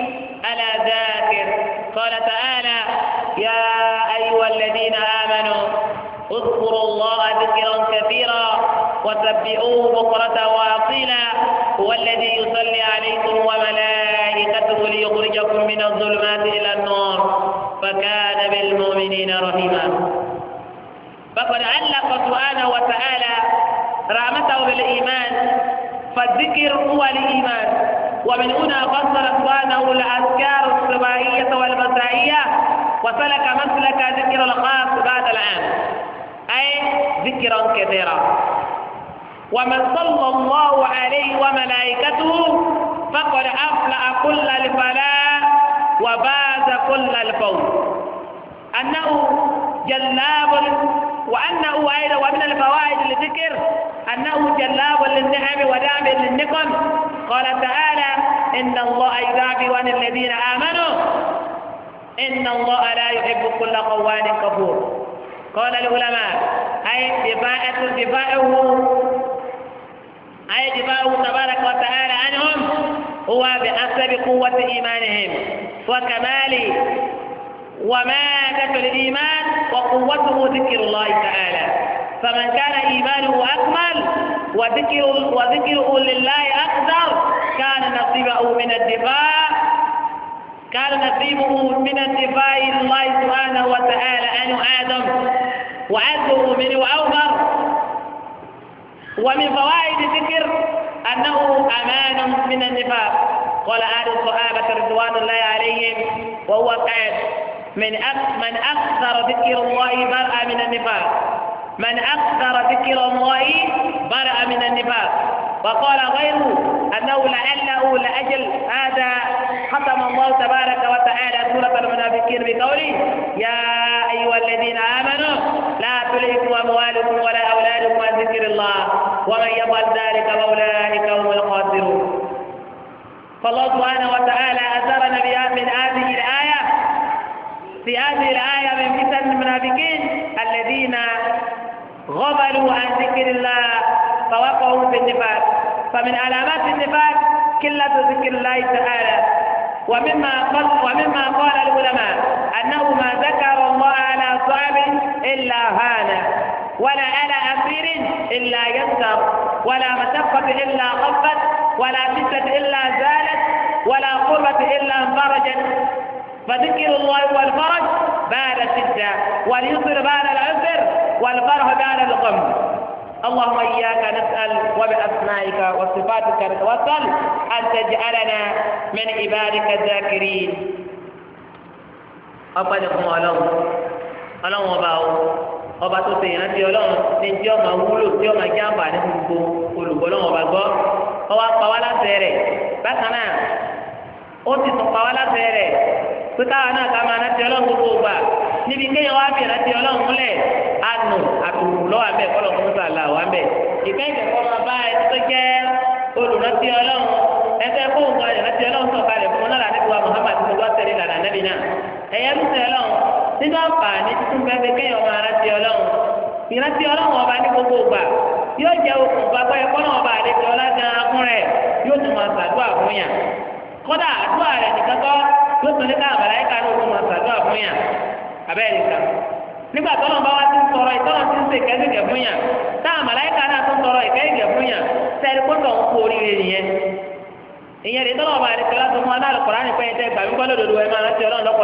على ذاكر قال تعالى يا أيها الذين آمنوا اذكروا الله ذكرا كثيرا وسبئوه بكرة وأصيلا هو الذي يصلي عليكم وملائكته ليخرجكم من الظلمات إلى النور فكان بالمؤمنين رحيما فقد علق سبحانه وتعالى رامته بالإيمان فالذكر هو الإيمان ومن هنا فصل أخوانه الأذكار الصباحية والمسائية وسلك مسلك ذكر الخاص بعد العام أي ذكرا كثيرا ومن صلى الله عليه وملائكته فقد أفلأ كل الفلاح وباز كل الفوز أنه جلاب وأنه أيضا ومن الفوائد للذكر أنه جلاب للنعم ودعم للنقم قال تعالى إن الله يدافع عن الذين آمنوا إن الله لا يحب كل قوان كفور قال العلماء أي دفاعه دفاعه أي دفاعه تبارك وتعالى عنهم هو بحسب قوة إيمانهم وكمال ومادة الإيمان قوته ذكر الله تعالى فمن كان إيمانه أكمل وذكر وذكره لله أكثر كان نصيبه من الدفاع كان نصيبه من الدفاع الله سبحانه وتعالى أن آدم وعزه منه أوفر ومن فوائد ذكر أنه أمان من النفاق قال أهل الصحابة رضوان الله عليهم وهو قائد من من أكثر ذكر الله برأ من النفاق من أكثر ذكر الله برأ من النفاق وقال غيره أنه لعله لأجل هذا ختم الله تبارك وتعالى سورة المنافقين بقوله يا أيها الذين آمنوا لا تلهكم أموالكم ولا أولادكم عن ذكر الله ومن يفعل ذلك فأولئك هم الخاسرون فالله سبحانه وتعالى أثرنا بها من هذه الآية في هذه الآية من فتن المنافقين الذين غفلوا عن ذكر الله فوقعوا في النفاق فمن علامات النفاق قلة ذكر الله تعالى ومما قال ومما قال العلماء أنه ما ذكر الله على صعب إلا هان ولا على أسير إلا يسر ولا مشقة إلا خفت ولا فتنة إلا زالت ولا قربة إلا انفرجت فذكر الله والفرج بعد الشدة واليسر بعد العسر والفرح بعد الغم اللهم إياك نسأل وبأسمائك وصفاتك نتوسل أن تجعلنا من عبادك الذاكرين ọpẹ́ ni fún Ọlọ́run Ọlọ́run ọba o ọba tó ṣèyàn láti Ọlọ́run ní tí ọmọ wúlò tí ọmọ jẹ àǹfààní gbogbo olùgbọ́ Ọlọ́run ọba gbọ́ ọwọ apá wa láti rẹ bákan náà ó ti tún pa wá láti rẹ pé káwa náà ká máa rántí ọlọ́run gbogbo gbà níbi kéèyàn wá bẹ̀rẹ̀ rántí ọlọ́run múlẹ̀ àánú àtùkù lọ́wọ́ àbẹ̀ kọ́lọ̀ fún sà là wà bẹ̀. ìfẹ́ ìkẹ́kọ̀ọ́ máa bá ẹni tó jẹ́ olùrántí ọlọ́run ẹgbẹ́ fóun kan lè rántí ọlọ́run sọ̀ka lè fún ọlọ́run àti wa Muhammad tó wá tẹ̀lé lànà nẹ́bí náà. ẹ̀yẹ́ ń tẹ̀ ọlọ́run nínú àǹfààní tuntun pẹ́pẹ́ kéèyàn máa rántí ọlọ́run ìrántí ọlọ́run ọba ní gbogbo gbà yóò jẹ́ okùnfà pé kọ́nà ọba àlejò ọlá gan-an fún rẹ̀ yóò tún máa ṣàdúrà fún yàn kódà àdúrà rẹ̀ nìkan kọ́ yóò tún ní ká àbàlá yìí káàdó fún wọn sàdúrà fún yàn abẹ́rẹ́ kan nígbà tó náà bá wá ti ń tọrọ ìtọ́nà ti ń ṣe kẹ́sìkẹ́ fún yàn tá àmàláyíká náà tó ń tọrọ ìkẹ́sìkẹ́ fún yàn sẹ́ni kó ń kú oríire nìyẹn ìyẹn lè tọ́lọ̀ ọba àdìsọ́lá tó fún aláàlú kọ̀ọ̀rán máa rántí ọlọ́run ọba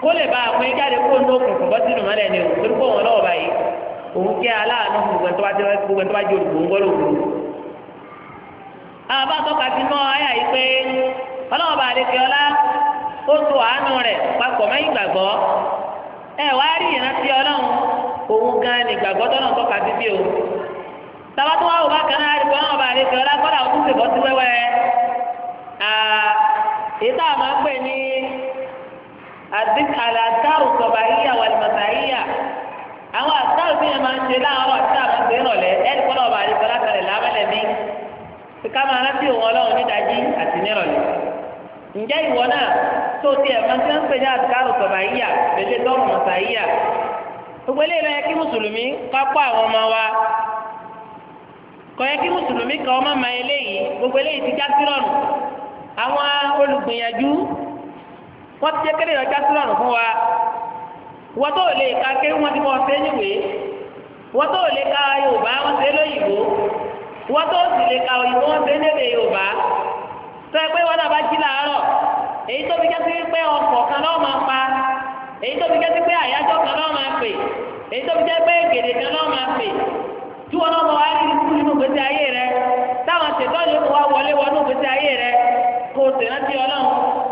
kó lè ba àwọn ẹjáde kó ní òkùnkùn bọ́ sínú mọ́lẹ̀ ni òun torí kó wọn lọ́wọ́ báyìí òun jẹ́ aláàánú gbogbo ẹni tó bá jẹ́ olùgbòǹgbò lòdùn. àbá tọ́ka sí mọ́ ayà yìí pé ọlọ́wọ́ bá lè fi ọlá ó so àánú rẹ̀ papọ̀ mẹ́yìn gbàgbọ́ ẹ wá rí ìrántí ọlọ́run òun gan ni gbàgbọ́ tọ́nà tọ́ka bí o àti àlàkàrù sọ̀bàyíyà wà lùmọ̀tàyíyà àwọn àkàrù tí yẹn máa ń ṣe láàárọ̀ àti àwọn ṣe rọ̀lẹ́ ẹ̀rí kọ́lọ̀ ọba àdìsọ látàlẹ̀ lábẹ́lẹ̀ mi ti máa rántí òun ọlọ́run nídàájí àti nírọ̀lẹ́ ǹjẹ́ ìwọ náà tó tiẹ̀ máa ń sọ̀bàyíyà mọ̀tàyíyà gbogbo wọ́n ti jẹ́ kéde ìrọ̀jà sílọ̀rùn fún wa wọ́n tó lè ka ké wọ́n ti bọ́ ṣe é níwèé wọ́n tó lè ka Yorùbá wọ́n ṣe é lóyìnbó wọ́n tó sì lè ka òyìnbó wọ́n ṣe é lédè Yorùbá tó ẹ pé wọ́n náà bá jí làárọ̀ èyí tó fi jẹ́sí pé ọkọ̀ kan náà máa pa èyí tó fi pé àyájọ́ kan náà máa pè èyí tó fi jẹ́ pé gèdè kan náà máa pè tí wọn náà mọ wá nínú gbèsè ayé rẹ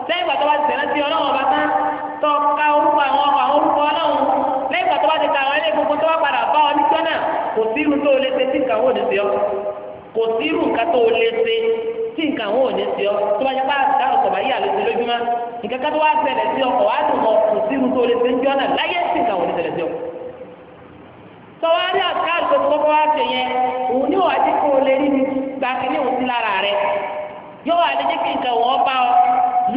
lẹ́yìn ìgbà tó bá ti tẹ̀lé sí ọlọ́run ọba tán tó ka orúkọ àwọn ọkọ àwọn orúkọ ọlọ́run lẹ́yìn ìgbà tó bá ti ka àwọn ilé gbogbo tó wá padà bá ọ níjọ́ náà kò sí irú tó lé ṣe tí nǹkan wò ní sí ọ kò sí irú nǹkan tó lé ṣe tí nǹkan wò ní sí ọ tó bá yẹ pé àtàrà sọ̀bà yìí àlejò lójúmọ́ nǹkan ká tó wá ṣẹlẹ̀ sí ọ kò wá dùn mọ́ kò sí irú tó lé ṣe níjọ́ náà láyé tí nǹkan wò ní ṣẹlẹ̀ sí o lè ọ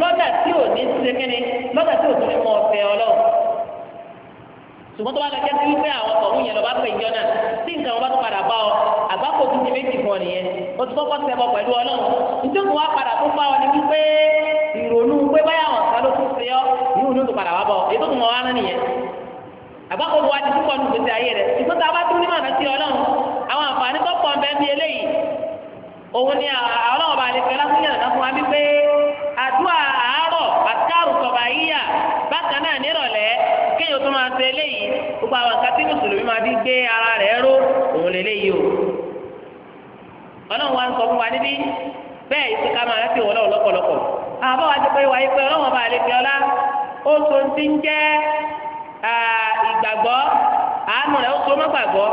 lọ́dà tí ò ní sẹ́kẹ́ni lọ́dà tí ò tún ní mọ ọ̀fẹ́ ọlọ́run ṣùgbọ́n tó bá lọ jẹ́ sí wípé àwọn ọ̀hún yẹn lọ bá pè jọ náà tí nǹkan wọn bá tún padà bá ọ àgbákò tún ti méjì fún ọ nìyẹn o ti kọ́kọ́ ṣẹbọ pẹ̀lú ọlọ́run nítorí wọn padà tó bá ọ ní wípé ìrònú pé báyà wọn kan ló tún ṣe ọ yìí wọn tó padà wá bọ èyí tó tún mọ wá náà nìyẹn àgbákò wa ti túbọ̀ nù gbèsè ayé rẹ̀ ìgbọ́ta bá tún ní òun ni àwọn ọba àlefẹ lásán yàrá fún wa wípé àdúrà àárọ̀ àtàrù sọba yíyà bákan náà nírọ̀lẹ́ kéèyàn tó máa ṣe eléyìí gbogbo àwọn nǹkan tí mùsùlùmí máa fi gbé ara rẹ̀ ró òun lélẹyìí o Ọlọ́run wa ń sọ fún wa níbí bẹ́ẹ̀ ìsìnká máa rántí wọn lọ́wọ́ lọ́pọ̀lọpọ̀ àbá wa ti pé wáyé pé Ọlọ́run ọba àlefẹ ọlá ó so ti ń jẹ ìgbàgbọ́ àánú rẹ̀ ó so mọ́ gbàgbọ́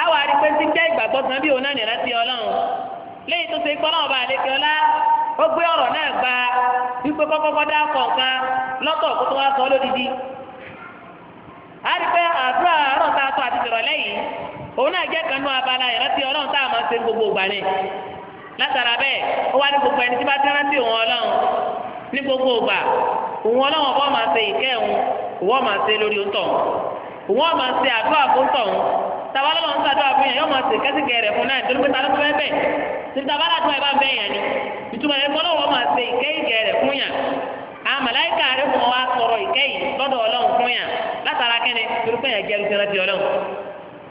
àwọn àdìpẹ́ ti jẹ́ léyìí tó ṣe kọ́lá ọba àlejò ọlá ó gbé ọ̀rọ̀ náà gba wípé kọ́kọ́kọ́ dá kọ̀ọ̀kan lọ́tọ̀ kó tó wá sọ lódìdí. a rí pé àdúrà àárọ̀ tá a tọ́ àti ìrọ̀lẹ́ yìí òun náà jẹ́ kanú abala ìrántí ọlọ́run tá a máa ń ṣe gbogbo ìgbà ni. látara bẹ́ẹ̀ ó wá ní gbogbo ẹni tí bá ti rántí òun ọlọ́run ní gbogbo ìgbà òun ọlọ́run ọ̀bọ máa ṣe ìkẹ́ òun òun máa ṣe lórí òǹtọ̀ òun máa ṣe àdúrà fún tọ̀ òun lọ́wọ́ ń ṣàdúrà fún yẹn yóò máa ṣe kẹ́sìkẹ́ rẹ̀ fún náà nítorí pé ta ló fẹ́ bẹ́ẹ̀ tìrìtàbára tó ẹ bá bẹ yẹn ni ìtumọ̀ ẹ̀ kọ́lọ́ wọn máa ṣe ìkẹ́ ìkẹ́ rẹ̀ fún yàn àmàláìka rẹ̀ fún wa sọ̀rọ̀ ìkẹ́ yìí lọ́dọ̀ ọlọ́run fún yàn látara kẹ́ni torípé yẹn jẹ́ ìṣẹ́ra ti ọlọ́run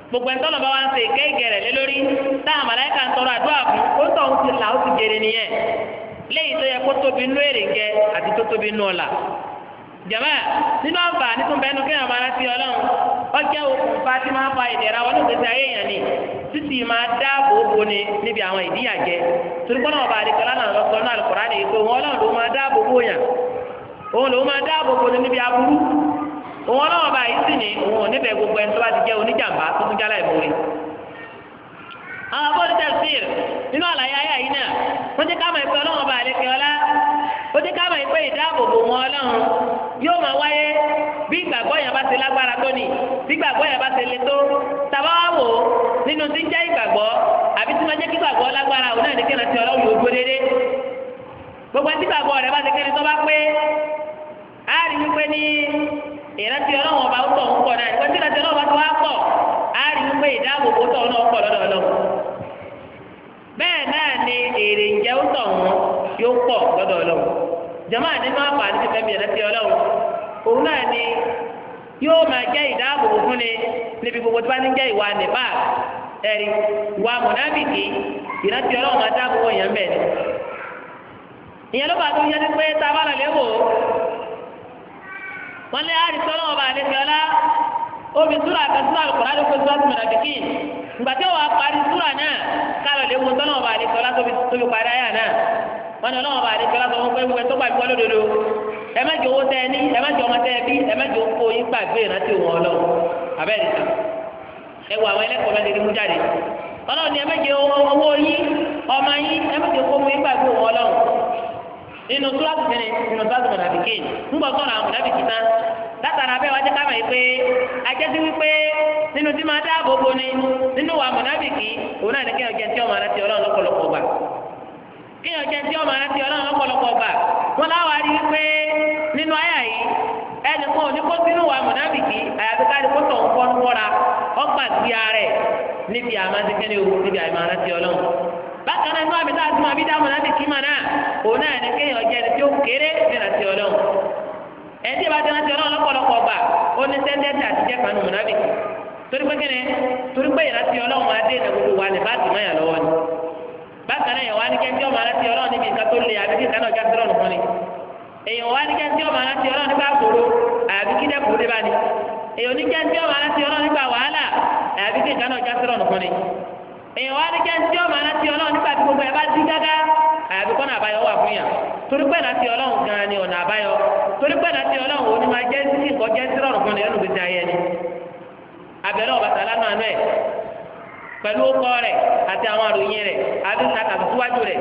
gbogbo ẹ̀ńtọ́ lọ́ba wa ń ṣe ìkẹ́ ìkẹ́ rẹ̀ lé lórí tá àmàláìka ń tọrọ àdúrà fún ó tọ̀ ń ti ó ti jèrè nìyẹn léyìí tó yẹ kó tóbi nú èrè jẹ àti tó tóbi nú ọ̀la jàmbá nínú àǹfààní tó kéèyàn máa rántí ọlọ́run ọjọ́ òkùnfà tí máa fa ìdẹ̀ra wọn ní gbèsè ayé yẹn ni títí máa dáàbò bò ni níbi àwọn ìdíyàjẹ turukọ́nà ọba àdìkọ́lá náà lọ́kọ́ náà lọ́kọ́rá ni èkó wọn náà ló máa dáàbò bò yàn òun ló máa dáàbò bò níbi aburú òun ọba yìí sì ni òun ò níbẹ̀ gbogbo ẹni tó bá ti jẹ́ oníjàmbá tó tún jálá ìmúre àwọn tẹ̀síìr nínú àlàyé ayé yìí náà wọ́n ti gbígbàgbọ́ yẹn bá ṣe le tó tàbá wò nínú tí ń jẹ́ ìgbàgbọ́ àbí tí wọ́n jẹ́ kígbàgbọ́ lágbára òun náà ní kí ẹ̀rọ ọlọ́run yóò dúró déédéé gbogbo ẹtí gbàgbọ́ rẹ̀ bá ṣe kéde tó bá pé á rí wípé ní ìrántí ọlọ́run ọba ó tọ̀ ń pọ̀ náà ìrántí ìrántí ọlọ́run ọba tó wá pọ̀ á rí wípé ìdáàbòbò tọ̀ náà pọ̀ lọ́dọ̀ bẹ́ẹ̀ náà ni èrè ìjẹ́ ó wọn yóò pọ̀ lọ́dọ̀ ọlọ́run jàmáà àpá àti fẹ́mi ìrántí ọlọ́run òun náà ni yóò máa jẹ́ ìdáàbòbò fún ni níbi gbogbo tí wọ́n ti ń jẹ́ ìwà nípa ẹ̀rí ìwà mọ̀nàbìkì ìrántí ọlọ́run máa dáàbòbò yẹn bẹ̀ ni. ìyẹn ló bá tó yẹ pé tá a bá lọ léwò wọ́n lé àrísọ́ náà bá lè ọlá omi ló mọ̀nàbìkì ìgbà tí wọ́n parí náà kálọ̀ parí ẹ má jẹ owó tẹ ẹ ní ẹ má jẹ ọmọ tẹ ẹ bí ẹ má jẹ oko yín gbàgbé ìrántí òun ọlọ́run abẹ́rẹ́ ẹ wọ àwọn ẹlẹ́kọ̀ọ́ mẹ́rin ní mú jáde ni ẹ má jẹ owó yín ọmọ yín ẹ má oko yín gbàgbé òun ọlọ́run nínú kíláàsì mẹ́rin nínú kíláàsì mọ̀nàbíkè ńgbọ́ sọ̀rọ̀ àwọn mọ̀nàbíkè tán látara bẹ́ẹ̀ wájú ká mọ̀ yìí pé ajẹ́sí wípé nínú tí máa dáàbò bo ni wa òun náà mọ̀nàbìkì àyàbíkárí kótó nǹkan mọ́ra ọgbà sí ààrẹ níbi àmàdékẹ́ni owó níbi àmàdékẹ́ni ọlọ́run. bákan náà inú àmì tá a ti máa bí dá mọ̀nàbìkì mà náà òun náà ní kéèyàn jẹ́ ẹni tí ó kéré nínú àti ọlọ́run. ẹtí ìbá ti rántí ọlọ́run lọ́pọ̀lọpọ̀ gbà ó ní sẹ́ńdẹ́tì àti jẹ́ kanu mọ̀nàbìkì. torí pé kíni torí pé ìrántí ọlọ́run máa dé ìnàgbogbo wa ní báàgì máyà lọ́wọ́ ni. bákan náà èyàn wá ní kẹ́ńtì ọmọ aláǹtí ọlọ́run nípa àgbòrò àbí kí dẹ́kun dé bá ní èyàn ní kẹ́ńtì ọmọ aláǹtí ọlọ́run nípa wàhálà àbí kí ìdáná ọjà sọ̀rọ̀ nìkan ni èyàn wá ní kẹ́ńtì ọmọ aláǹtí ọlọ́run nípa gbogbo ẹ̀ bá dín gágá àbí kọ́nà àbáyọ wà fún yàn torí láti ọlọ́run gan ni ọ̀nà àbáyọ torí láti ọlọ́run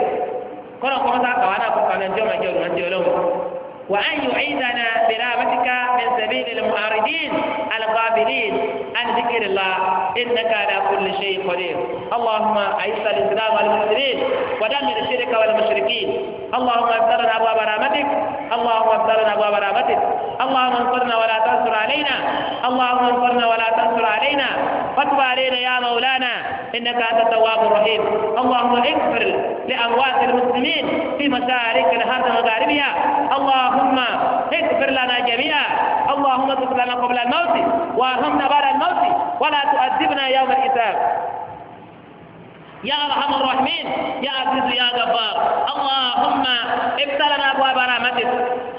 jẹ́ sí kọ́nà kọ́ mọ́tà kàwá náà kó kàmẹ́ ǹjọ́ màjẹ́ òun àti ọlọ́run. wà á yọ ìdáná bẹ̀rẹ̀ àbátíká mẹ́sàbí ilẹ̀ muharidin alqabilin anzikirila innaka ala kulli shay qadir allahumma aisa al-islam wal muslimin wa damir shirka wal mushrikin allahumma abdarna abwaab rahmatik allahumma abdarna abwaab rahmatik allahumma ansurna wa la tansur علينا اللهم انصرنا ولا تنصر علينا فتب علينا يا مولانا إنك أنت التواب الرحيم اللهم اغفر لأموات المسلمين في مشارق الأرض ومغاربها اللهم اغفر لنا جميعا اللهم اغفر لنا قبل الموت وارحمنا بعد الموت ولا تؤذبنا يوم الحساب يا أرحم الراحمين يا عزيز يا جبار اللهم ابتلنا أبواب رحمتك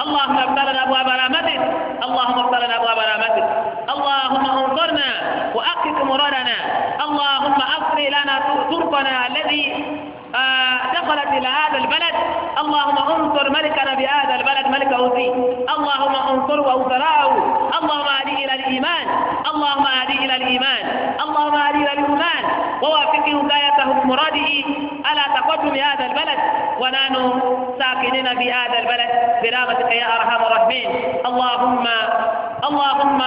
اللهم ابتلنا أبواب رحمتك اللهم ابتلنا أبواب رحمتك اللهم انصرنا وأحقق مرارنا اللهم أصلي لنا طرقنا الذي آه، دخلت إلى هذا البلد اللهم انصر ملكنا بهذا البلد ملك أوزي اللهم انصره وأنصراه اللهم اهدي إلى الإيمان اللهم اهدي إلى الإيمان اللهم اهدي إلى الإيمان ووافقه هدايته مراده على تقدم هذا البلد ونحن ساكنين في هذا البلد برحمتك يا أرحم الراحمين اللهم اللهم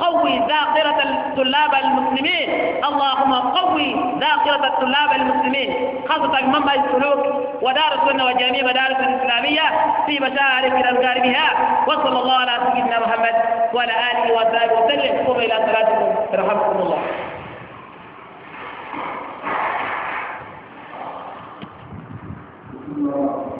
قوي ذاكرة الطلاب المسلمين اللهم قوي ذاكرة الطلاب المسلمين خاصة ومنهج منبع السلوك ودار السنة وجميع مدارس الإسلامية في مشاعر الأذكار بها وصلى الله على سيدنا محمد وعلى آله وصحبه وسلم قم إلى صلاتكم رحمكم الله Thank you.